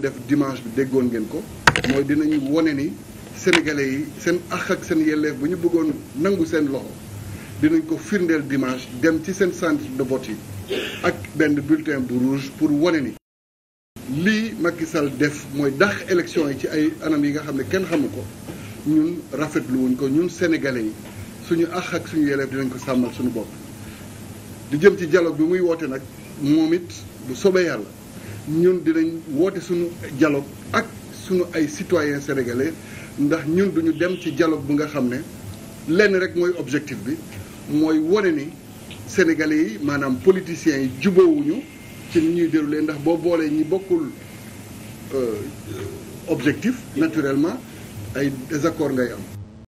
def dimanche bi déggoon ngeen ko mooy dinañu wone ni sénégalais yi seen ax ak seen yelleef bu ñu bëggoon nangu seen loxo dinañ ko firndeel dimanche dem ci seen centre de vote yi ak benn bulletin bu rouge pour wone ni lii Macky Sall def mooy dax élection yi ci ay anam yi nga xam ne kenn xamu ko ñun rafetlu wuñ ko ñun sénégalais yi suñu ax ak suñu yelleef dinañ ko sàmmal suñu bopp di jëm ci dialogue bi muy woote nag moom it bu soobee yàlla ñun dinañ woote suñu dialogue ak suñu ay citoyens sénégalais ndax ñun duñu dem ci dialogue bu nga xam ne lenn rek mooy objectif bi mooy wone ni sénégalais yi maanaam politiciens yi jubóowuñu ci ni ñuy déroulé ndax boo boolee ñi bokkul euh, objectif naturellement ay désaccord ngay am